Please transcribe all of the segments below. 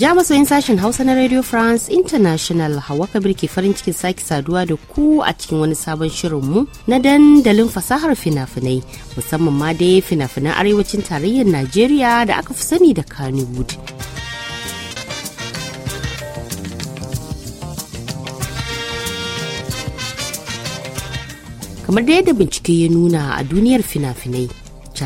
ja masoyin sashen hausa na radio france international hawa kabir ke farin cikin sake saduwa da ku a cikin wani sabon shirin mu na dandalin fasahar fina-finai musamman ma dai fina-finan arewacin tarayyar najeriya da aka fi sani da kannywood kamar da yadda bincike ya nuna a duniyar fina-finai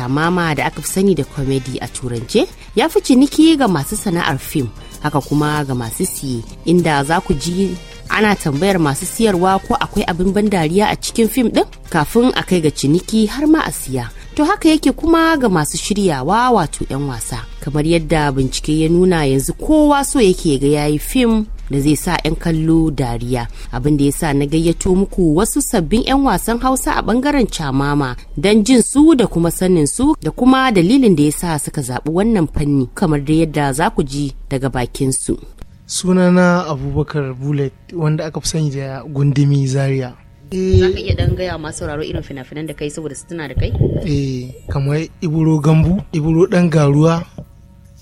Mama da aka fi sani da comedy a turance ya fi ciniki ga masu sana'ar fim haka kuma ga masu siye inda za ku ji ana tambayar masu siyarwa ko akwai abin ban dariya a cikin fim din kafin a kai ga ciniki har ma a siya to haka yake kuma ga masu shiryawa wato 'yan wasa kamar yadda bincike ya nuna yanzu kowa so yake ga yayi fim da zai sa 'yan kallo dariya abin da ya sa na gayyato muku wasu sabbin 'yan wasan hausa a bangaren camama don jin su da kuma sanin su da kuma dalilin da ya sa suka zaɓi wannan fanni kamar da yadda za ku ji daga bakin su sunana abubakar bullet wanda aka fi sani da gundumi zaria eh, za ka iya dan gaya masu sauraro irin fina-finan da kai saboda su tuna da kai? Eh, kamar Iburo Gambu, Iburo dan garuwa,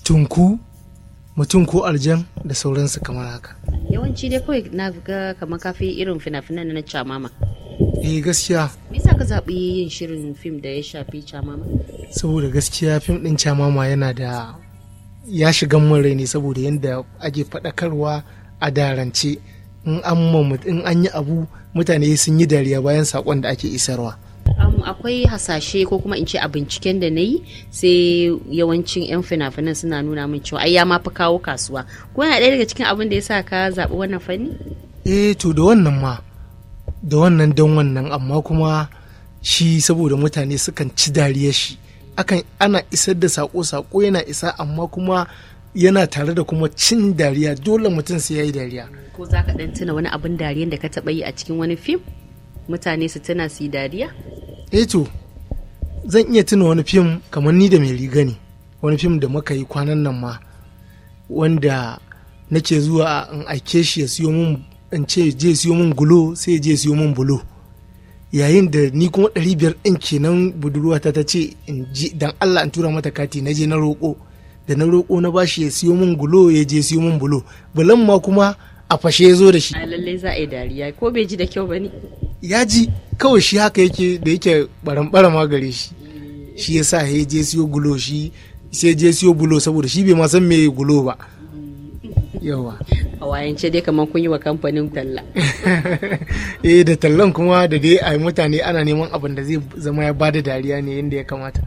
Tunku, mutum ko aljan da sauransu kamar haka yawanci dai kawai na ga kamar kafi irin fina-finan na camama eh gaskiya Me yasa ka zaɓi yin shirin fim da ya shafi camama saboda gaskiya fim ɗin camama yana da ya shiga mun rai ne saboda yadda ake faɗakarwa a darance in an yi abu mutane sun yi dariya bayan saƙon da ake isarwa akwai hasashe ko kuma in ce a binciken da na yi sai yawancin 'yan fina-finan suna nuna min cewa ai ya ma fi kawo kasuwa ko yana ɗaya daga cikin abin da ya sa ka zaɓi wannan fanni e to da wannan ma da wannan don wannan amma kuma shi saboda mutane sukan ci dariyar shi akan ana isar da sako sako yana isa amma kuma yana tare da kuma cin dariya dole mutum sai ya dariya ko za ka ɗan tuna wani abin dariyar da ka taɓa yi a cikin wani fim mutane su tana su yi dariya eh to zan iya tuna wani fim kamar ni da mai riga ne wani fim da muka yi kwanan nan ma wanda nake zuwa in aike shi ya siyo mun in ce je siyo min gulo sai je siyo min bulo yayin da ni kuma ɗari biyar ɗin kenan budurwa ta ta ce in dan Allah in tura mata kati na je na roƙo da na roƙo na bashi ya siyo min gulo ya je siyo min bulo bulan ma kuma a fashe ya zo da shi. lallai za a yi dariya ko bai ji da kyau ba ne. ya ji kawai shi haka yake da yake barambara ma gare shi eh. shi ya sa ya je siyo gulo shi sai je siyo gulo saboda shi bai masan san me gulo ba mm. yawa a wayance dai kamar kun yi wa kamfanin talla eh da tallan kuma da dai a mutane ana neman abin da zai zama ya bada dariya ne yadda ya kamata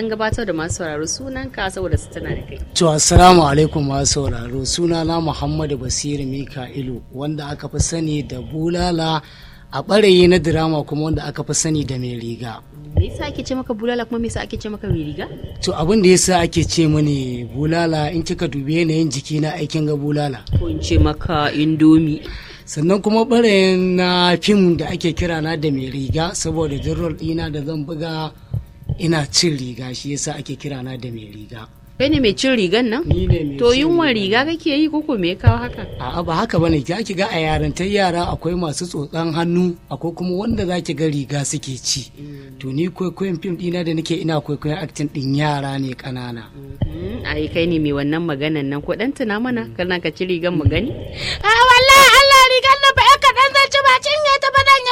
dan gabatar da masu sauraro sunan ka saboda su tana da kai. To assalamu alaikum masu sauraro sunana Muhammadu Basiru Mika'ilu wanda aka fi sani da Bulala a ɓarayi na dirama kuma wanda aka fi sani da mai riga. Me yasa ake ce maka bulala kuma me yasa ake ce maka mai riga? To abin da yasa ake ce mani bulala in kika dubi yanayin jiki na aikin ga bulala. Ko in ce maka indomi. sannan kuma ɓarayin na fim da ake kira na da mai riga saboda jirar ɗina da zan buga ina cin riga shi yasa ake kira na da mai riga kai ne mai cin rigan nan ni ne mai to yunwa riga kake yi koko me kawo haka a'a ba haka bane ki ake ga a yarantar yara akwai masu tsotsan hannu akwai kuma wanda zaki ga riga suke ci mm. to ni kwaikwayon fim dina da nake ina kwaikwayon aktin din yara ne kanana mm-hmm. ai kai ne mai wannan maganan nan ko dan tuna mana mm. kana ka ci rigan mu gani a ah, wallahi Allah rigan nan ba ka dan zan ci ba cin ya ta ba dan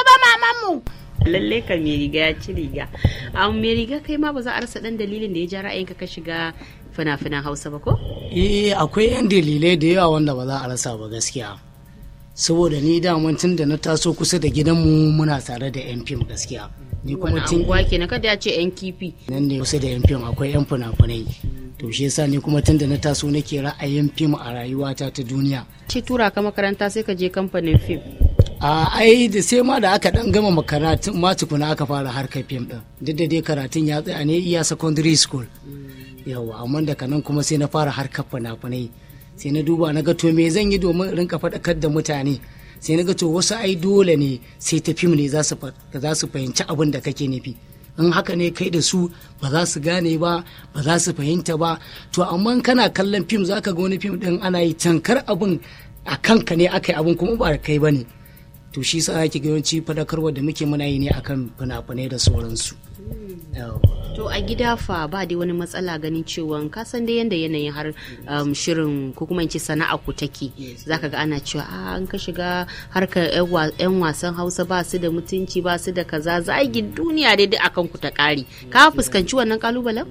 lalle ka mai riga ya ci riga a mai riga kai ma ba za a rasa dan dalilin da ya ja ra'ayinka ka shiga fina-finan hausa ba ko eh akwai yan dalilai da yawa wanda ba za a rasa ba gaskiya saboda ni daman tun da na taso kusa da gidanmu muna tare da yan fim gaskiya ni kuma tun ke na kada ya ce yan kifi nan ne kusa da yan fim akwai yan fina-finai to shi yasa ni kuma tunda na taso nake ra'ayin fim a rayuwata ta duniya ce tura ka makaranta sai ka je kamfanin fim a ai da sai ma da aka dan gama makaratun ma tukuna aka fara harkar fim din duk da dai karatun ya tsaya ne iya secondary school yawa amma daga nan kuma sai na fara harkar fina-finai sai na duba na ga to me zan yi domin rinka faɗakar da mutane sai na ga to wasu ai dole ne sai ta fim ne za su fahimci abin da kake nufi in haka ne kai da su ba za su gane ba ba za su fahimta ba to amma kana kallon fim za ka ga wani fim din ana yi tankar abin a kanka ne aka yi abin kuma ba kai ba ne to shi sa ake yawanci fadakarwa da muke muna yi ne akan fina-finai da sauransu to a gida fa ba dai wani matsala ganin cewa ka san dai yanda yanayin har um, shirin ko kuma in ce sana'a ku take zaka ga ana cewa a ah, an ka shiga harkar yan wasan Hausa ba su da mutunci ba su da kaza zagin duniya dai duk akan ku ta kare ka fuskanci wannan kalubalen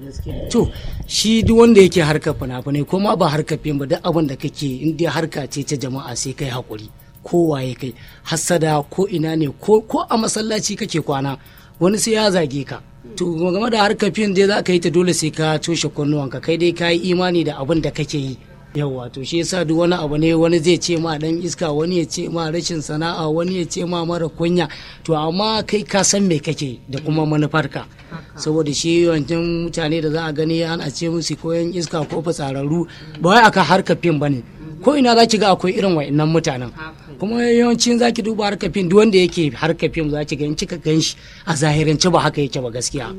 to shi duk wanda yake harkar fina-finai ko ma ba harkar fim ba duk abin da kake in dai harka ce ta jama'a sai kai hakuri kowaye kai hassada ko ina ne ko a masallaci kake kwana wani sai ya zage ka to game da harkar fim dai za ka yi ta dole sai ka toshe ka kai dai ka yi imani da abin da kake yi yawa to shi yasa duk wani abu ne wani zai ce ma dan iska wani ya ce ma rashin sana'a wani ya ce ma mara kunya to amma kai ka san me kake da kuma manufarka saboda shi yawancin mutane da za a gani an a ce musu koyan iska ko fitsararru ba wai aka harka fim bane ko ina za ki ga akwai irin wa'annan mutanen kuma yawancin zaki duba harka fim duk wanda yake harka fim zaki ga cika gan ganshi a zahirance ba haka yake ba gaskiya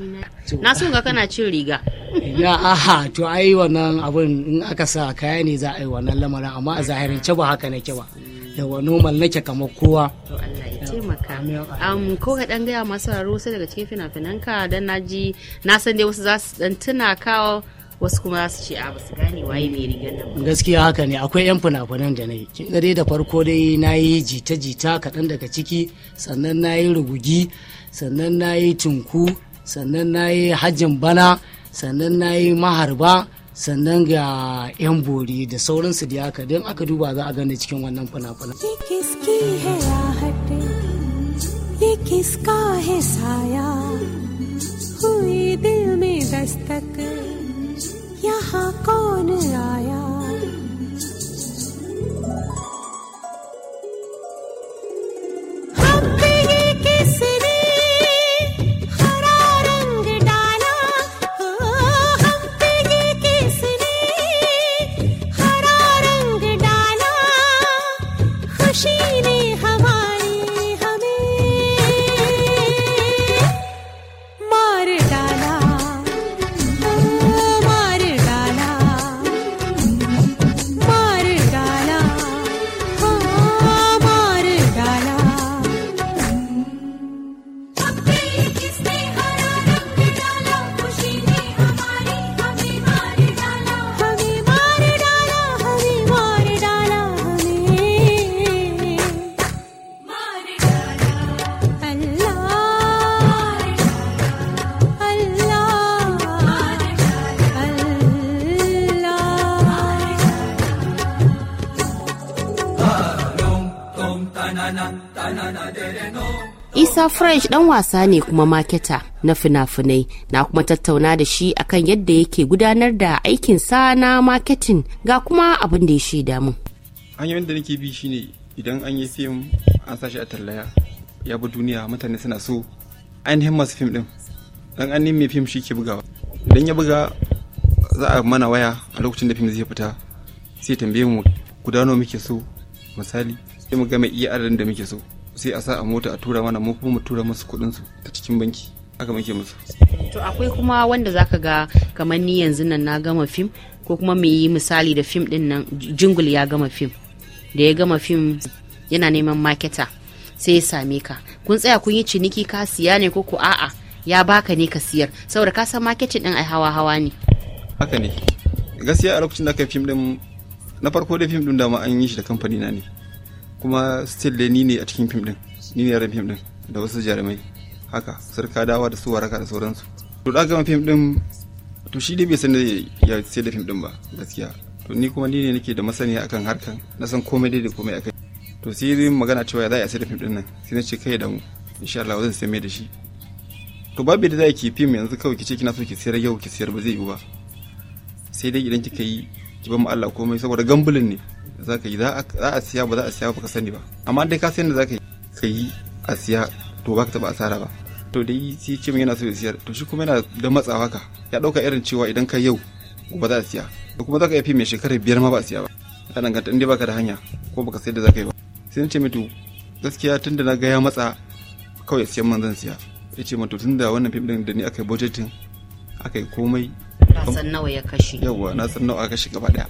na so ga kana cin riga ya aha to ai wannan abun in aka sa kaya ne za a yi wannan lamarin amma a zahirance ba haka nake ba yawa normal nake kamar kowa to Allah ya taimaka ko ka dan gaya masu raro sai daga cikin fina-finanka dan naji na san dai wasu za su dan tuna kawo wasu kuma su ce a ba su gane waye mai rigar nan gaskiya haka ne akwai yan funafunan da na yi kin dai da farko dai na yi jita-jita kaɗan daga ciki sannan na yi rugugi sannan na yi tunku sannan na yi hajjin bana sannan na yi maharba sannan ga 'yan bori da sauransu da haka don aka duba za a gane cikin wannan fina-finan. ये किसका है साया हुई दिल में दस्तक यहाँ कौन आया Musa Fresh dan wasa ne kuma maketa na fina-finai na kuma tattauna da shi akan yadda yake gudanar da aikin sa na maketin ga kuma abin da ya shaida mun. Hanyoyin da nake bi shine idan an yi fim an sashi a tallaya ya bi duniya mutane suna so ainihin masu fim ɗin dan an mai fim shi ke bugawa idan ya buga za a mana waya a lokacin da fim zai fita sai tambaye mu gudano muke so misali sai mu ga mai iya adadin da muke so sai a sa a mota a tura mana mu kuma mu tura musu kuɗin su ta cikin banki aka muke musu to akwai kuma wanda zaka ga kamar ni yanzu nan na gama fim ko kuma mu yi misali da fim din nan jingul ya gama fim da ya gama fim yana neman maketa sai ya same ka kun tsaya kun yi ciniki ka siya ne ko ku a'a ya baka ne ka siyar saboda ka san marketing din ai hawa hawa ne haka ne gaskiya a lokacin da aka fim din na farko da fim din dama an yi shi da kamfani na ne kuma still dai ni ne a cikin fim din ni ne yaran fim din da wasu jarumai haka sarka dawa da su waraka da sauransu to da gama fim din to shi dai bai san da ya sai da fim din ba gaskiya to ni kuma ni ne nake da masaniya akan harkan na san komai dai da komai akai to sai yi magana cewa za a sai da fim din nan sai na ce kai da mu insha Allah zan sai mai da shi to babu da za ki fim yanzu kawai ki ce kina so ki sayar yau ki sayar ba zai yi ba sai dai idan kika yi ki ba mu Allah komai saboda gambulin ne za ka yi za a siya ba za a siya ba ka sani ba amma dai ka san da za ka yi ka yi a siya to ba ka taɓa asara ba to dai sai ce yana so ya siyar to shi kuma yana da matsawa ka ya ɗauka irin cewa idan ka yau ba za a siya to kuma za ka fi mai shekara biyar ma ba a siya ba ya danganta inda baka da hanya ko baka sayar da za ka yi ba sai ce mai to gaskiya tun da na ga ya matsa kawai siyan man zan siya ya ce to tun da wannan fim din da ni aka yi budgeting aka yi komai na san nawa ya kashe yawa na san nawa aka kashe gaba daya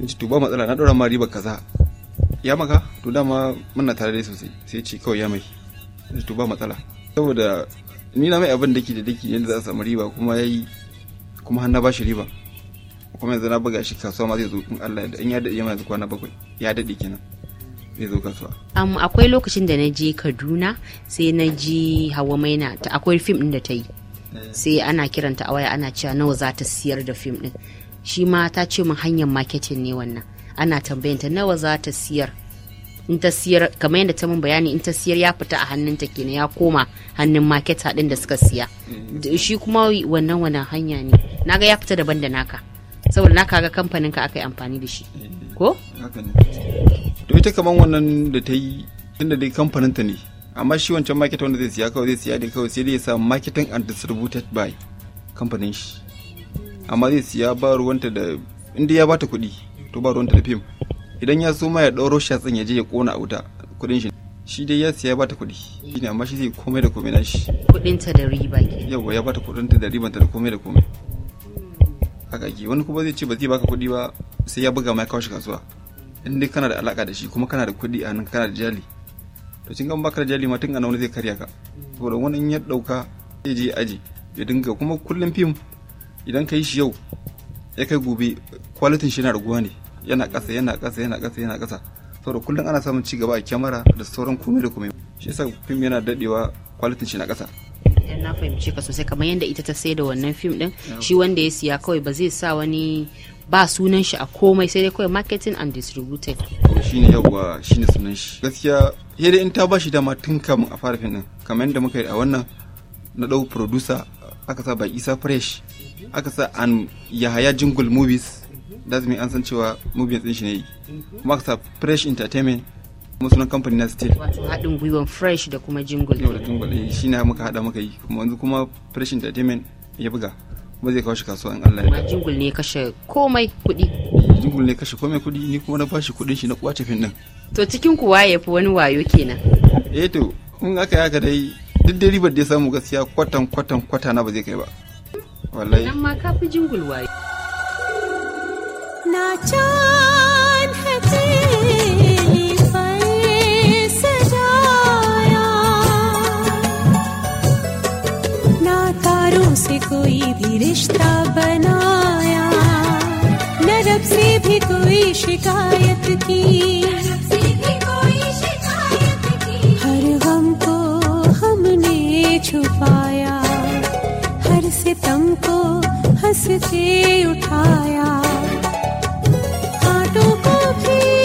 in ce to ba matsala na ɗora ma riba kaza ya maka to dama muna tare da sosai sai ce kawai ya mai in ce tuba matsala saboda ni na mai abin ke da daki yadda za a samu riba kuma ya yi kuma har na ba shi riba kuma yanzu na buga shi kasuwa ma zai zo in Allah da in ya daɗe yanzu kwana bakwai ya daɗe kenan zai zo kasuwa. akwai lokacin da na je Kaduna sai na ji Hawa Maina akwai fim ɗin da ta yi. Eh. sai ana kiranta a waya ana cewa nawa za ta siyar da fim ɗin shi ma ta ce min hanyar marketing ne wannan ana ta nawa za ta siyar in ta siyar kamar yadda ta mun bayani in ta siyar ya fita a hannun ta kenan ya koma hannun maketa din da suka siya shi kuma wannan wannan hanya ne naga ya fita daban da naka saboda naka ga kamfanin ka aka yi amfani da shi ko to ita kamar wannan da ta yi inda dai kamfanin ta ne amma shi wancan maketa wanda zai siya kawai zai siya da kawai sai dai ya sa marketing and distributed by kamfanin shi amma zai siya ba ruwanta da inda ya bata kuɗi to ba ruwanta da fim idan ya so ma ya ɗauro shi tsin ya je ya ƙona a wuta kuɗin shi shi dai ya siya bata kuɗi ne amma shi zai komai da komai nashi ta da riba ke yawa ya bata ta da ta da komai da komai haka ke wani kuma zai ce ba zai baka kuɗi ba sai ya buga ma ya kawo shi kasuwa in dai kana da alaka da shi kuma kana da kuɗi a nan kana da jali to kin ga baka da jali ma tun ana wani zai karya ka saboda wani in ya ɗauka zai je aji ya dinga kuma kullum fim idan ka yi shi yau ya kai gobe kwalitin shi yana raguwa ne yana ƙasa yana ƙasa yana ƙasa yana ƙasa saboda kullum ana samun ci gaba a kyamara da sauran komai da komai shi yasa fim yana dadewa kwalitin shi na ƙasa idan na fahimci ka sosai kamar yadda ita ta sai da wannan fim din shi wanda ya siya kawai ba zai sa wani ba sunan shi a komai sai dai kawai marketing and distributed shine yawa ne sunan shi gaskiya sai dai in ta bashi dama tun kamun a fara fim din kamar yadda muka yi a wannan na dau producer aka sa ba isa fresh aka sa an yahaya jingle movies that's mean an san cewa movies din shi ne kuma aka sa fresh entertainment kuma sunan company na steel wato haɗin gwiwan fresh da kuma jingle da jingle eh, shi ne muka haɗa muka yi kuma yanzu kuma fresh entertainment ya buga kuma zai kawo shi kasuwa in Allah ya kuma jingle ne kashe komai kuɗi jingle ne kashe komai kuɗi ni kuma na bashi kuɗin shi na kwace fin din to cikin ku waye fi wani wayo kenan eh to in aka yaka dai duk da ribar da ya samu gaskiya kwatan kwatan kwata na ba zai kai ba wallahi nan ma ka fi jingul waye na can hatili ना तारों से कोई भी रिश्ता बनाया न रब से भी कोई शिकायत की हर गम को हमने छुपाया सितमको हंस के उठाया हाथों को भी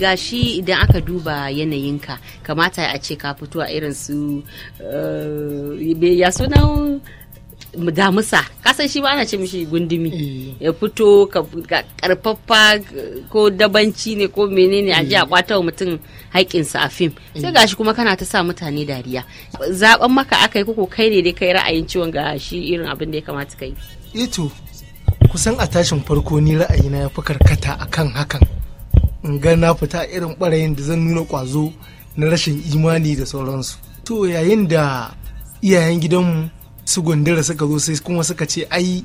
gashi idan aka duba yanayinka kamata a ce ka fito a irin su eh, ya sunan damusa kasan shi ba ana ce mishi gundumi eh. ya fito karfafa ko dabanci ne ko menene a ji a kwata mm. wa mutum haƙƙinsa a fim sai mm. gashi kuma kana ta sa mutane dariya zaben maka aka yi koko kai ne dai kai ra'ayin ciwon ga irin abin da ya kamata kai ito kusan a tashin farko ni ra'ayina ya fi karkata akan hakan in ga na fita irin barayin da zan nuna kwazo na rashin imani da sauransu to yayin da iyayen gidanmu su gundura suka zo sai kuma suka ce ai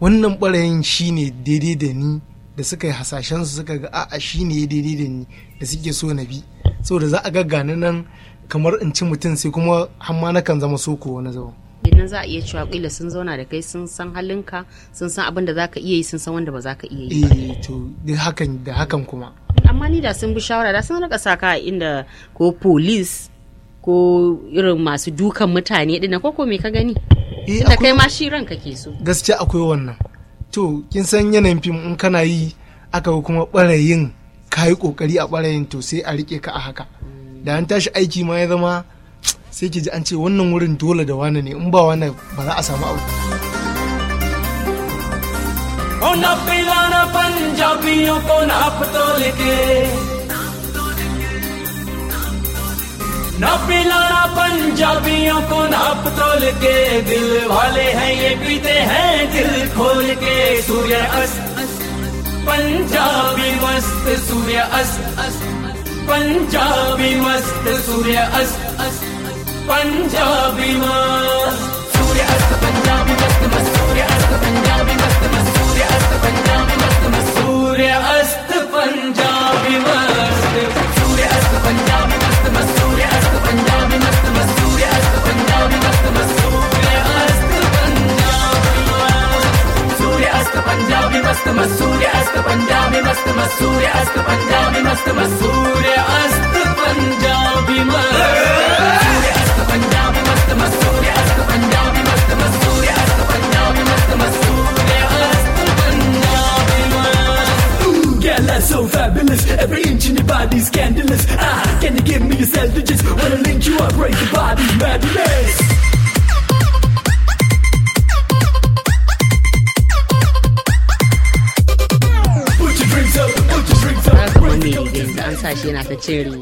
wannan barayin shine daidai da ni da suka yi hasashen su suka ga a'a shine daidai da ni da suke so na bi saboda za a ga nan kamar in ci mutum sai kuma hamma na kan zama soko wani zama. idan za a iya cewa kila sun zauna da kai sun san halinka sun san abin da za ka iya yi sun san wanda ba za ka iya yi ba eh, to da hakan da hakan kuma amma ni da sun bi shawara da sun rika saka inda ko police ko irin masu dukan mutane dinnan ko ko me ka gani eh, da kai ma shi ranka ke so gaskiya akwai wannan to kin san yanayin fim in kana yi aka kuma barayin kayi kokari a barayin to sai a rike ka a haka da an tashi aiki ma ya zama sai ki ji an ce wannan wurin dole da wani ne in ba wani ba za a samu abu ना पिलाना पंजाबियों को नाप तोल के ना पिलाना पंजाबियों को नाप तोल के दिल वाले हैं ये पीते हैं दिल खोल के सूर्य अस्त पंजाबी मस्त सूर्य अस्त पंजाबी मस्त सूर्य अस्त अस्त पंजाबी माँ सूर्य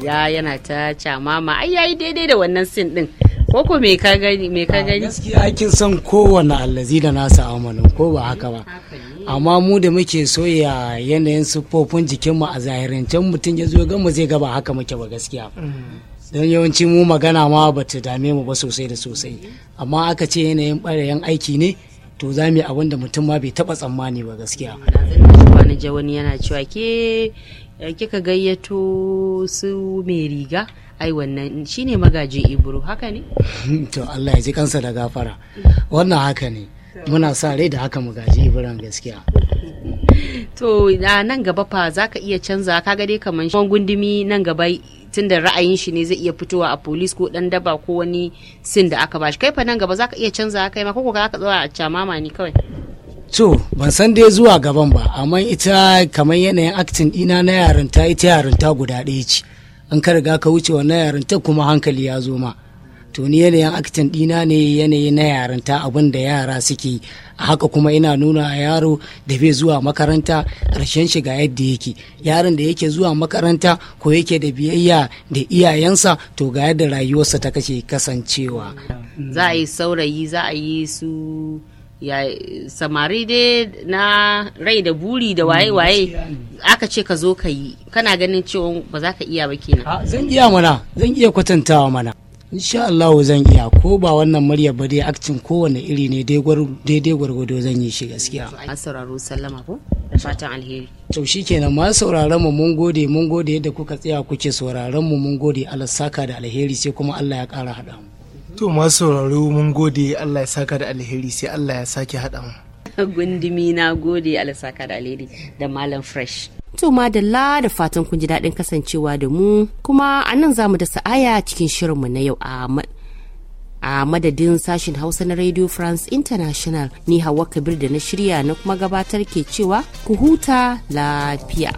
ya yana ta cin camama ai yayi daidai da wannan sin din koko me ka gani me ka gani gaskiya kin san kowane allazi da nasa amalin ko ba haka ba amma mu da muke soya yanayin siffofin jikinmu a zahirancen mutum ya zo ga mu zai gaba haka muke ba gaskiya mm. don yawanci mu magana ma ba ta dame mu ba sosai da sosai amma aka ce yanayin ɓarayen aiki ne to za mu yi abin da mutum ma bai taɓa tsammani ba gaskiya. wani wani yana cewa ke eh, kika gayyato su mai riga ai wannan shine magaji ibro haka ne to Allah ya ji kansa da gafara wannan haka ne muna sa rai da haka magaji Ibro gaskiya to nan gaba fa zaka iya canza kaga dai kaman gundumi nan gaba tunda ra'ayin shi ne zai iya fitowa a police ko dan daba ko wani sin da aka bashi kai fa nan gaba zaka iya canza kai ma ko ka zaka tsaya a chamama ne kawai to ban san dai zuwa gaban ba amma ita kamar yanayin acting dina na yarinta ita yarinta guda ɗaya ce an ka riga ka wuce wannan yarinta kuma hankali ya zo ma to ni yanayin aktin dina ne yanayi na yaranta abin da yara suke a haka kuma ina nuna a yaro da bai zuwa makaranta rashin shiga yadda yake yaron da yake zuwa makaranta ko yake da biyayya da iyayensa to ga yadda rayuwarsa ta kashe kasancewa za a yi saurayi za a yi su ya samari dai na rai da buri da waye-waye hmm, aka ce ka zo ka yi kana ganin cewa ba za ka iya ba kenan zan iya mana zan iya kwatantawa mana insha Allah zan iya ko ba wannan murya ba dai akcin kowane iri ne daidai gwargwado zan yi shi gaskiya ma sauraro sallama ko da fatan alheri to kenan ma sauraron mu mun gode mun gode yadda kuka tsaya kuke sauraron mu mun gode Allah saka da alheri sai kuma Allah ya kara haɗa mu to ma sauraro mun gode Allah ya saka da alheri sai Allah ya sake haɗa mu gundumi na gode Allah saka da alheri da malam fresh To madalla da fatan kun ji daɗin kasancewa da mu kuma a nan za mu da sa'aya cikin shirinmu na yau a madadin sashen hausa na radio france international ni hawa kabir da na shirya na kuma gabatar ke cewa ku huta lafiya.